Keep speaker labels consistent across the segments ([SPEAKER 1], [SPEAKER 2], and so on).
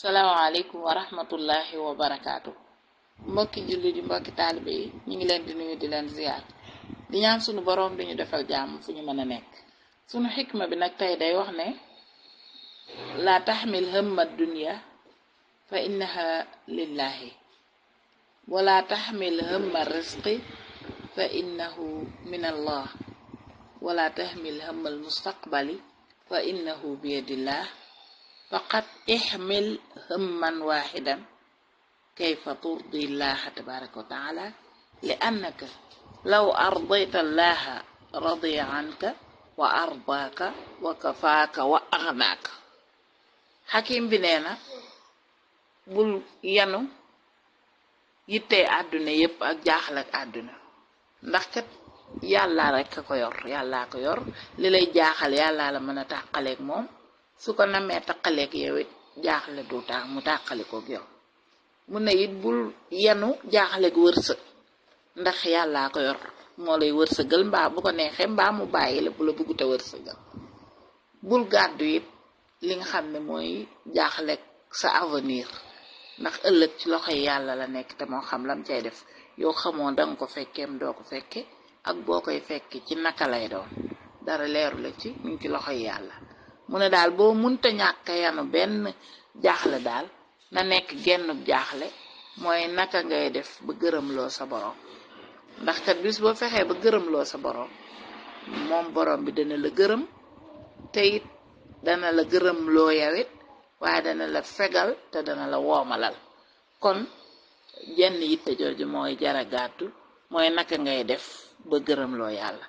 [SPEAKER 1] salaamaaleykum wa rahmatullahi wa barakaatu. mbokki julli yu mbokki taalibe yi ñu ngi leen di nuyu di leen ziyaar di ñaan sunu boroom di ñu defal jàmm fu ñu mën a nekk sunu xikma bi nag tey day wax ne laa taxmil hamma dunya fa innaha lillahi wala taxmil hamma risqi fa innahu min allah wala taxmil hamma almustaqbali fa innahu biyadillah faqat ixmil hëmman waaxidan kayfa turdi llaaha tabaraka wa li annaka law ardayta llaaha radiya anka wa ardaaka wa kafaaka wa agnaaka xakim bi na bul yanu yittee àdduna yépp ak jaaxal ak àdduna ndax kat yàlla rekk ko yor yàllaa ko yor li lay jaaxal yàllaa la mën a tàqaleeg moom su ko namee taqaleek yow it jaaxle du tax mu tàqali koog yow mu ne it bul yenu jaaxaleeg wërsëg ndax yàllaa ko yor moo lay wërsëgal mbaa bu ko neexee mbaa mu bàyyi la bu la bugguta wërsëgal bul gàddu it li nga xam ne mooy jaaxleeg sa avenir ndax ëllëg ci loxo yi yàlla la nekk te moo xam lam cay def yow xamoon danga ko fekkeem doo ko fekke ak boo koy fekke ci naka lay doon dara leeru la ci ñu ngi ci loxo yi yàlla mu ne daal boo mun munta ñàkk yanu benn jaaxle daal na nekk genn jaaxle mooy naka ngay def ba gërëmloo sa borom ndax kat bis boo fexee ba gërëmloo sa boroom moom boroom bi dana la gërëm te it dana la gërëmloo yawit waaye dana la fegal te dana la woomalal kon jenn yitte jooju mooy jara gàttu mooy naka ngay def ba gërëmloo yàlla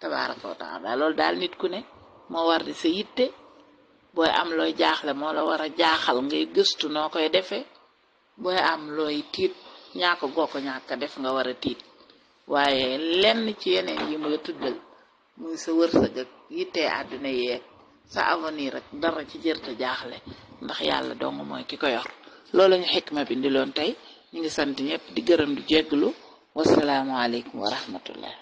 [SPEAKER 1] tabaaraka wa taala loolu daal nit ku ne moo war di sa yitte booy am looy jaaxle moo la war a jaaxal ngay gëstu noo koy defee booy am looy tiit ñàkk goo ko ñàkk def nga war a tiit waaye lenn ci yeneen yi muy tuddal muy sa wërsëg ak yittee àdduna yeeg sa avenir rek dara ci jërte jaaxle ndax yàlla dong mooy ki ko yor loolu ñu xikma bi loon tey ñu ngi sant ñëpp di gërëm di jégglu wasalaamualeykum wa rahmatullah